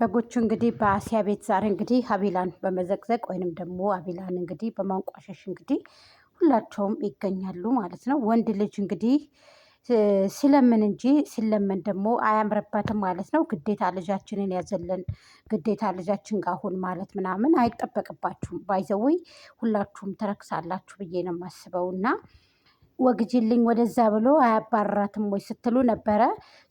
በጎቹ እንግዲህ በአሲያ ቤት ዛሬ እንግዲህ አቤላን በመዘቅዘቅ ወይንም ደግሞ አቤላን እንግዲህ በማንቋሸሽ እንግዲህ ሁላቸውም ይገኛሉ ማለት ነው። ወንድ ልጅ እንግዲህ ሲለምን እንጂ ስለምን ደግሞ አያምረባትም ማለት ነው። ግዴታ ልጃችንን ያዘለን ግዴታ ልጃችን ጋር አሁን ማለት ምናምን አይጠበቅባችሁም። ባይዘወይ ሁላችሁም ተረክሳላችሁ ብዬ ነው የማስበው እና ወግጅልኝ ወደዛ ብሎ አያባራትም ወይ ስትሉ ነበረ።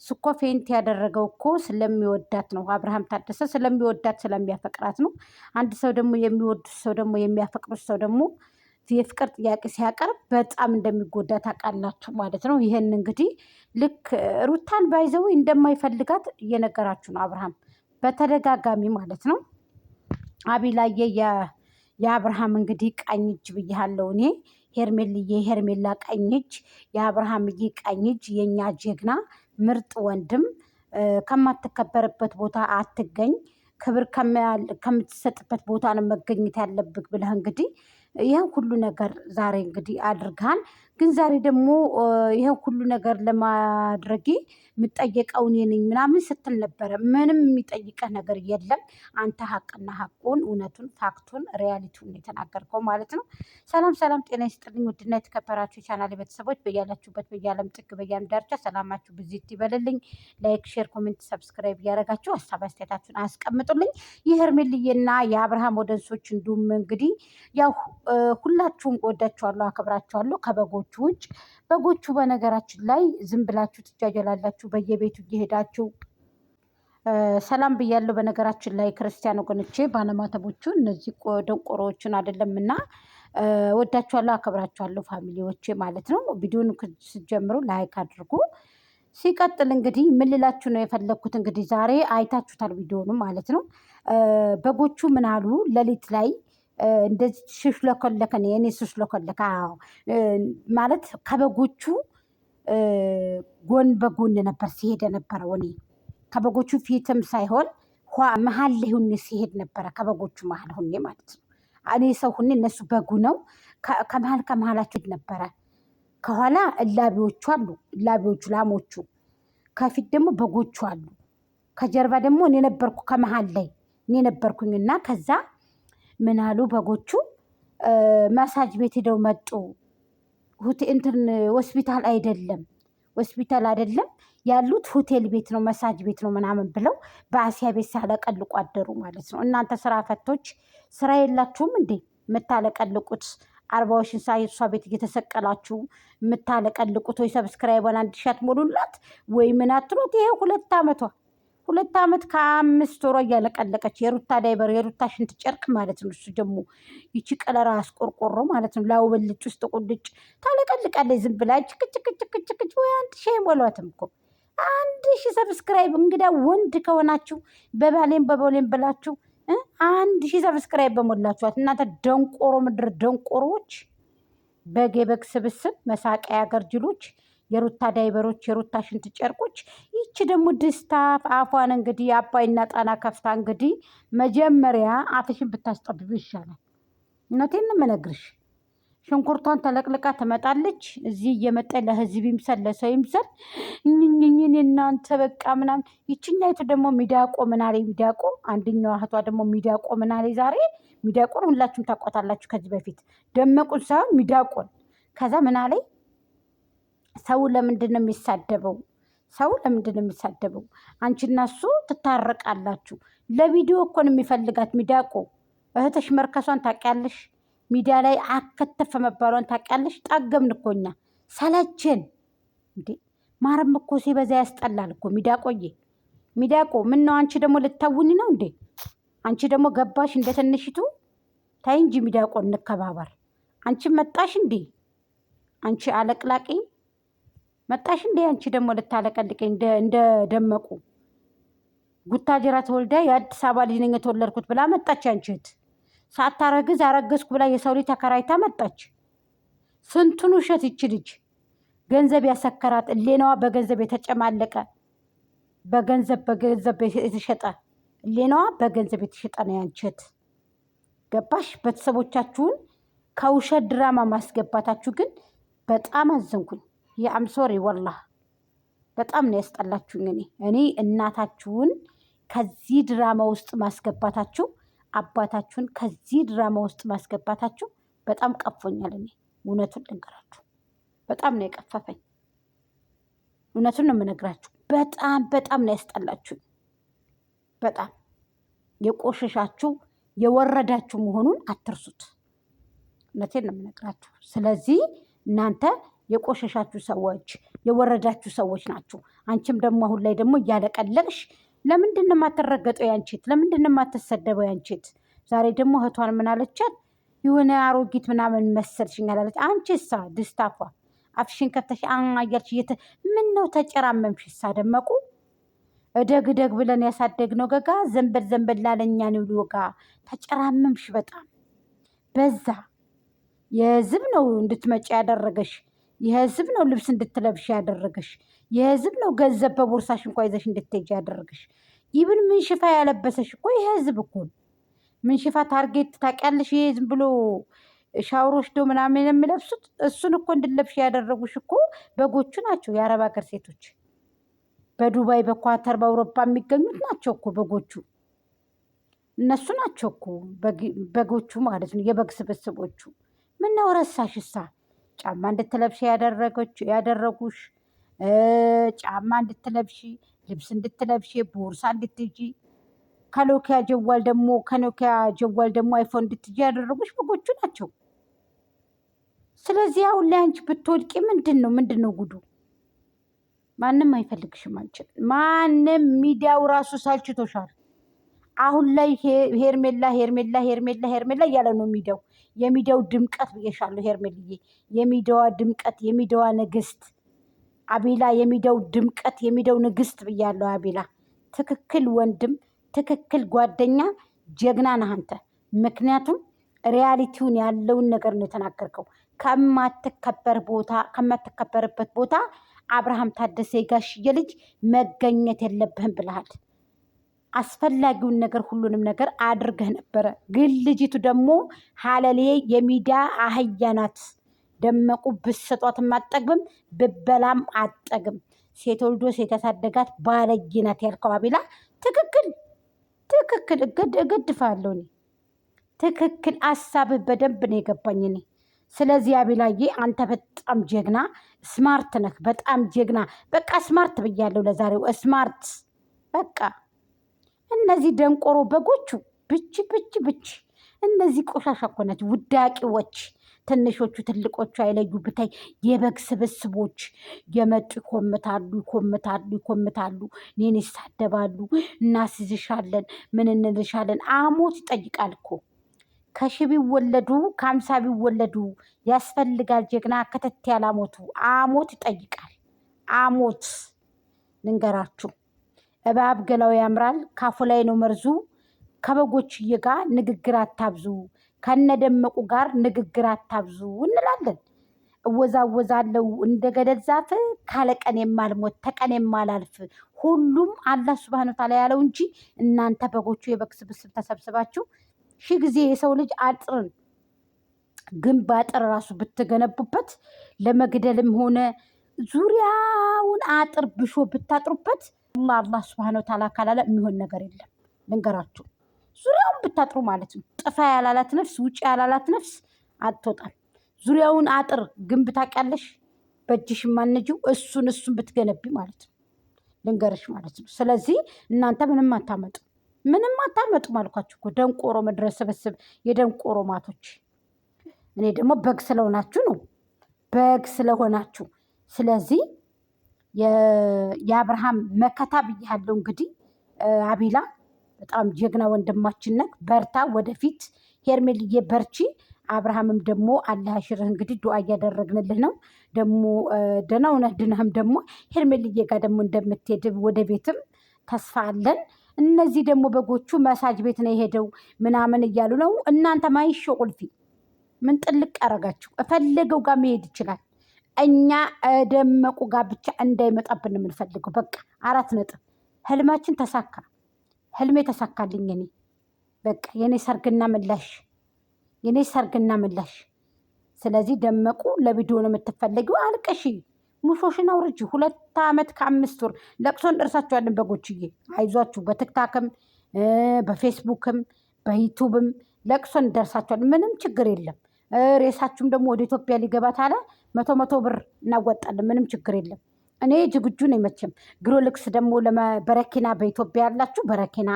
ስኮ ፌንት ያደረገው እኮ ስለሚወዳት ነው። አብርሃም ታደሰ ስለሚወዳት ስለሚያፈቅራት ነው። አንድ ሰው ደግሞ የሚወዱት ሰው ደግሞ የሚያፈቅሩት ሰው ደግሞ የፍቅር ጥያቄ ሲያቀርብ በጣም እንደሚጎዳ ታውቃላችሁ ማለት ነው። ይህን እንግዲህ ልክ ሩታን ባይዘው እንደማይፈልጋት እየነገራችሁ ነው አብርሃም በተደጋጋሚ ማለት ነው። አቢላየ የአብርሃም እንግዲህ ቀኝ እጅ ብያለው እኔ ሄርሜልዬ ሄርሜላ ቀኝ እጅ የአብርሃምዬ ቀኝ እጅ የእኛ ጀግና ምርጥ ወንድም ከማትከበርበት ቦታ አትገኝ፣ ክብር ከምትሰጥበት ቦታ ነው መገኘት ያለብህ ብለህ እንግዲህ ይህን ሁሉ ነገር ዛሬ እንግዲህ አድርገሃል። ግን ዛሬ ደግሞ ይሄ ሁሉ ነገር ለማድረጌ የምጠየቀው እኔ ነኝ ምናምን ስትል ነበረ። ምንም የሚጠይቀህ ነገር የለም። አንተ ሀቅና ሀቁን እውነቱን፣ ፋክቱን፣ ሪያሊቲውን የተናገርከው ማለት ነው። ሰላም ሰላም፣ ጤና ይስጥልኝ ውድና የተከበራችሁ የቻናል ቤተሰቦች በያላችሁበት በያለም ጥግ በያለም ዳርቻ ሰላማችሁ ብዚት ይበልልኝ። ላይክ፣ ሼር፣ ኮሜንት፣ ሰብስክራይብ እያደረጋችሁ ሀሳብ አስተያየታችሁን አስቀምጡልኝ። የሄርሜልዬና የአብርሃም ወደንሶች እንዲሁም እንግዲህ ያው ሁላችሁም ወዳችኋለሁ፣ አክብራችኋለሁ ከበጎ ከበጎቹ ውጭ። በጎቹ በነገራችን ላይ ዝም ብላችሁ ትጃጀላላችሁ በየቤቱ እየሄዳችሁ ሰላም ብያለሁ። በነገራችን ላይ ክርስቲያን ወገኖቼ ባለማተቦቹ እነዚህ ደንቆሮዎችን አይደለም እና ወዳችኋለሁ፣ አከብራችኋለሁ ፋሚሊዎቼ ማለት ነው። ቪዲዮን ስትጀምሩ ላይክ አድርጉ። ሲቀጥል እንግዲህ ምን ልላችሁ ነው የፈለግኩት እንግዲህ ዛሬ አይታችሁታል ቪዲዮኑ ማለት ነው። በጎቹ ምን አሉ ሌሊት ላይ እንደዚህ ሽሽለኮለከ ነው የኔ ሽሽለኮለከ ማለት ከበጎቹ ጎን በጎን ነበር ሲሄድ የነበረው። እኔ ከበጎቹ ፊትም ሳይሆን መሀል ላይ ሁኔ ሲሄድ ነበረ። ከበጎቹ መሀል ሁኔ ማለት ነው። እኔ ሰው ሁኔ እነሱ በጉ ነው። ከመሀል ከመሀላቸው ነበረ። ከኋላ እላቢዎቹ አሉ፣ እላቢዎቹ ላሞቹ፣ ከፊት ደግሞ በጎቹ አሉ። ከጀርባ ደግሞ እኔ ነበርኩ፣ ከመሀል ላይ እኔ ነበርኩኝና ከዛ ምን አሉ በጎቹ ማሳጅ ቤት ሄደው መጡ። እንትን ሆስፒታል አይደለም ሆስፒታል አይደለም ያሉት ሆቴል ቤት ነው፣ መሳጅ ቤት ነው ምናምን ብለው በአሲያ ቤት ሳለቀልቁ አደሩ ማለት ነው። እናንተ ስራ ፈቶች ስራ የላችሁም እንዴ የምታለቀልቁት? አርባዎሽን ሳ የሷ ቤት እየተሰቀላችሁ የምታለቀልቁት? ወይ ሰብስክራይበን አንድ ሺህ አትሞሉላት ወይ ምን አትሉት? ይሄ ሁለት አመቷ ሁለት ዓመት ከአምስት ወሯ እያለቀለቀች የሩታ ዳይበር የሩታ ሽንት ጨርቅ ማለት ነው። እሱ ደግሞ ይቺ ቀለራ አስቆርቆሮ ማለት ነው። ላውበልጭ ውስጥ ቁልጭ ታለቀልቃለች ዝም ብላ ችክችክችክችክች ወይ አንድ ሺ አይሞሏትም እኮ አንድ ሺ ሰብስክራይብ። እንግዳ ወንድ ከሆናችሁ በባሌም በቦሌም ብላችሁ አንድ ሺ ሰብስክራይብ በሞላችኋት እናንተ ደንቆሮ ምድር ደንቆሮዎች፣ በጌበግ ስብስብ መሳቂያ ያገር ጅሎች የሩታ ዳይበሮች፣ የሩታ ሽንት ጨርቆች። ይቺ ደግሞ ድስታ አፏን እንግዲህ አባይና ጣና ከፍታ እንግዲህ መጀመሪያ አፍሽን ብታስጠብብ ይሻላል። እውነቴን እምነግርሽ ሽንኩርቷን ተለቅልቃ ትመጣለች። እዚህ እየመጣ ለህዝብ ይምሰል ለሰው ይምሰል እኝኝኝን እናንተ በቃ ምናምን። ይችኛይቱ ደግሞ ሚዳቆ ምናሌ ሚዳቆ፣ አንደኛዋ እህቷ ደግሞ ሚዳቆ ምናሌ። ዛሬ ሚዳቆን ሁላችሁም ታቋታላችሁ። ከዚህ በፊት ደመቁን ሳይሆን ሚዳቆን። ከዛ ምናሌ ሰው ለምንድን ነው የሚሳደበው? ሰው ለምንድን ነው የሚሳደበው? አንቺና እሱ ትታረቃላችሁ። ለቪዲዮ እኮ ነው የሚፈልጋት። ሚዳቆ እህትሽ መርከሷን ታውቂያለሽ። ሚዲያ ላይ አከተፈ መባሏን ታውቂያለሽ። ጣገምን እኮ እኛ ሰለችን እንዴ። ማረም እኮ ሲበዛ ያስጠላል እኮ ሚዳቆዬ። ሚዳቆ ምን ነው አንቺ ደግሞ ልታውኝ ነው እንዴ? አንቺ ደግሞ ገባሽ እንደ ትንሽቱ። ታይ እንጂ ሚዳቆ እንከባበር። አንቺ መጣሽ እንዴ? አንቺ አለቅላቂኝ መጣሽ እንደ አንቺ ደግሞ ልታለቀልቀኝ እንደደመቁ ጉታጀራ ተወልዳ የአዲስ አበባ ልጅ ነኝ የተወለድኩት ብላ መጣች። አንቺ እህት ሳታረግዝ አረገዝኩ ብላ የሰው ልጅ ተከራይታ መጣች። ስንቱን ውሸት ይች ልጅ ገንዘብ ያሰከራት እሌናዋ በገንዘብ የተጨማለቀ በገንዘብ በገንዘብ የተሸጠ ሌናዋ በገንዘብ የተሸጠ ነው ያንችት ገባሽ። ቤተሰቦቻችሁን ከውሸት ድራማ ማስገባታችሁ ግን በጣም አዘንኩኝ። የአምሶሪ ወላህ በጣም ነው ያስጠላችሁኝ። እኔ እኔ እናታችሁን ከዚህ ድራማ ውስጥ ማስገባታችሁ አባታችሁን ከዚህ ድራማ ውስጥ ማስገባታችሁ በጣም ቀፎኛል። እኔ እውነቱን ልንገራችሁ በጣም ነው የቀፈፈኝ። እውነቱን ነው የምነግራችሁ። በጣም በጣም ነው ያስጠላችሁኝ። በጣም የቆሸሻችሁ የወረዳችሁ መሆኑን አትርሱት። እውነቴን ነው የምነግራችሁ። ስለዚህ እናንተ የቆሸሻችሁ ሰዎች፣ የወረዳችሁ ሰዎች ናችሁ። አንቺም ደግሞ አሁን ላይ ደግሞ እያለቀለቅሽ ለምንድን የማትረገጠው ያንቺት? ለምንድን የማትሰደበው ያንቺት? ዛሬ ደግሞ እህቷን ምን አለቻት? የሆነ አሮጊት ምናምን መሰልሽኝ አላለች። አንቺ ሳ ድስታፏ አፍሽን ከፍተሽ አያልሽ እየተ ምን ነው ተጨራመምሽ? ሳ ደመቁ እደግ እደግ ብለን ያሳደግነው ገጋ ዘንበል ዘንበል ላለኛ ኒውሊ ወጋ ተጨራመምሽ። በጣም በዛ የዝብ ነው እንድትመጪ ያደረገሽ። የህዝብ ነው ልብስ እንድትለብሽ ያደረገሽ። የህዝብ ነው ገንዘብ በቦርሳሽ እንኳ ይዘሽ እንድትሄጂ ያደረገሽ። ይብን ምንሽፋ ያለበሰሽ እኮ የህዝብ እኮ ምንሽፋ ታርጌት ታውቂያለሽ? ይሄ ዝም ብሎ ሻወር ወስዶ ምናምን የሚለብሱት እሱን እኮ እንድለብሽ ያደረጉሽ እኮ በጎቹ ናቸው። የአረብ ሀገር ሴቶች በዱባይ በኳተር በአውሮፓ የሚገኙት ናቸው እኮ በጎቹ እነሱ ናቸው እኮ በጎቹ ማለት ነው። የበግ ስብስቦቹ ምነው ረሳሽ? እሳ ጫማ እንድትለብሽ ያደረጉሽ ጫማ እንድትለብሺ ልብስ እንድትለብሺ ቦርሳ እንድትጂ ከኖኪያ ጀዋል ደግሞ ከኖኪያ ጀዋል ደግሞ አይፎን እንድትጂ ያደረጉሽ በጎቹ ናቸው። ስለዚህ አሁን ላይ አንቺ ብትወድቂ ምንድን ነው ምንድን ነው ጉዱ? ማንም አይፈልግሽም አንችል ማንም ሚዲያው ራሱ ሳልችቶሻል። አሁን ላይ ሄርሜላ ሄርሜላ ሄርሜላ ሄርሜላ እያለ ነው የሚደው የሚደው ድምቀት ብዬሻለሁ ሄርሜልዬ፣ የሚደዋ ድምቀት የሚደዋ ንግስት አቤላ የሚደው ድምቀት የሚደው ንግስት ብያለሁ። አቤላ ትክክል ወንድም፣ ትክክል ጓደኛ፣ ጀግና ነህ አንተ። ምክንያቱም ሪያሊቲውን ያለውን ነገር ነው የተናገርከው። ከማትከበር ቦታ ከማትከበርበት ቦታ አብርሃም ታደሰ ጋሽዬ ልጅ መገኘት የለብህም ብለሃል። አስፈላጊውን ነገር ሁሉንም ነገር አድርገህ ነበረ። ግን ልጅቱ ደግሞ ሀለሌ የሚዲያ አህያ ናት። ደመቁ ብትሰጧትም አጠግብም ብበላም አጠግም ሴት ወልዶ ሴት ያሳደጋት ባለጌ ናት ያልከው አቤላ ትክክል ትክክል። እገድፋለሁ እኔ ትክክል። አሳብህ በደንብ ነው የገባኝ እኔ። ስለዚህ አቤላዬ አንተ በጣም ጀግና ስማርት ነህ። በጣም ጀግና በቃ ስማርት ብያለሁ። ለዛሬው ስማርት በቃ እነዚህ ደንቆሮ በጎቹ ብች ብች ብች። እነዚህ ቆሻሻ እኮ ናቸው ውዳቂዎች። ትንሾቹ ትልቆቹ አይለዩ ብታይ የበግ ስብስቦች የመጡ ይኮምታሉ ይኮምታሉ ይኮምታሉ። እኔን ይሳደባሉ። እናስይዝሻለን፣ ምን እንልሻለን። አሞት ይጠይቃል እኮ ከሺ ቢወለዱ ከአምሳ ቢወለዱ ያስፈልጋል ጀግና ከተት ያላሞቱ አሞት ይጠይቃል። አሞት ልንገራችሁ እባብ ገላው ያምራል፣ ካፉ ላይ ነው መርዙ። ከበጎችዬ ጋር ንግግር አታብዙ፣ ከነደመቁ ጋር ንግግር አታብዙ እንላለን። እወዛወዛለው እንደ ገደል ዛፍ፣ ቀን የማልሞት ተቀን የማላልፍ። ሁሉም አላህ ሱብሃነ ወተዓላ ያለው እንጂ እናንተ በጎቹ የበግ ስብስብ ተሰብስባችሁ ሺ ጊዜ የሰው ልጅ አጥርን ግን በአጥር ራሱ ብትገነቡበት ለመግደልም ሆነ ዙሪያውን አጥር ብሾ ብታጥሩበት አላህ ስብሃነ ወተዓላ ካላለ የሚሆን ነገር የለም። ልንገራችሁ፣ ዙሪያውን ብታጥሩ ማለት ነው። ጥፋ ያላላት ነፍስ፣ ውጭ ያላላት ነፍስ አትወጣም። ዙሪያውን አጥር ግንብ ታውቂያለሽ፣ በእጅሽ ማንጂው እሱን እሱን ብትገነቢ ማለት ነው። ልንገርሽ ማለት ነው። ስለዚህ እናንተ ምንም አታመጡ፣ ምንም አታመጡ አልኳችሁ እኮ ደንቆሮ መድረስ ስብስብ የደንቆሮ ማቶች። እኔ ደግሞ በግ ስለሆናችሁ ነው፣ በግ ስለሆናችሁ ስለዚህ የአብርሃም መከታ ብያለው። እንግዲህ አቢላ በጣም ጀግና ወንድማችን ነህ። በርታ፣ ወደፊት ሄርሜልዬ በርቺ። አብርሃምም ደግሞ አላህ እንግዲህ ዱዓ እያደረግንልህ ነው። ደግሞ ደህና ሆነህ ድነህም ደግሞ ሄርሜልዬ ጋር ደግሞ እንደምትሄድ ወደ ቤትም ተስፋ አለን። እነዚህ ደግሞ በጎቹ መሳጅ ቤት ነው የሄደው ምናምን እያሉ ነው። እናንተ ማይሾ ቁልፊ ምን ጥልቅ ያረጋችሁ? እፈለገው ጋር መሄድ ይችላል። እኛ ደመቁ ጋብቻ ብቻ እንዳይመጣብን የምንፈልገው በቃ አራት ነጥብ። ህልማችን ተሳካ። ህልሜ ተሳካልኝ። እኔ በቃ የኔ ሰርግና ምላሽ የኔ ሰርግና ምላሽ። ስለዚህ ደመቁ ለቪዲዮ ነው የምትፈለጊው። አልቀሺ ሙሾሽን አውርጂ። ሁለት ዓመት ከአምስት ወር ለቅሶን እንደርሳችኋለን በጎችዬ፣ አይዟችሁ። በትክታክም በፌስቡክም በዩቱብም ለቅሶን እንደርሳችኋለን። ምንም ችግር የለም። ሬሳችሁም ደግሞ ወደ ኢትዮጵያ ሊገባ ታለ መቶ መቶ ብር እናወጣለን። ምንም ችግር የለም። እኔ ዝግጁ ነኝ። መቼም ግሮልክስ ደግሞ በረኪና በኢትዮጵያ ያላችሁ በረኪና፣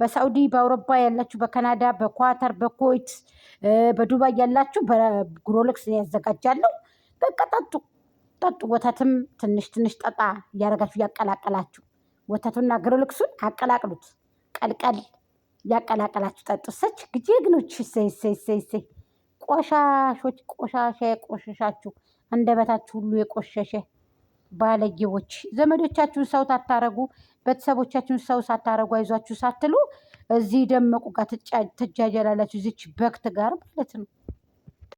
በሳውዲ በአውሮፓ ያላችሁ፣ በካናዳ በኳተር በኮይት በዱባይ ያላችሁ ግሮልክስ ያዘጋጃለሁ። በቃ ጠጡ ጠጡ። ወተትም ትንሽ ትንሽ ጠጣ እያደረጋችሁ እያቀላቀላችሁ ወተቱና ግሮልክሱን አቀላቅሉት። ቀልቀል እያቀላቀላችሁ ጠጡ። ሰች ሴ ቆሻሾች ቆሻሻ ቆሸሻችሁ አንደበታችሁ ሁሉ የቆሸሸ ባለጌዎች፣ ዘመዶቻችሁን ሰው ታታረጉ፣ ቤተሰቦቻችሁን ሰው ሳታረጉ፣ አይዟችሁ ሳትሉ እዚህ ደመቁ ጋር ትጃጀላላችሁ፣ እዚች በክት ጋር ማለት ነው።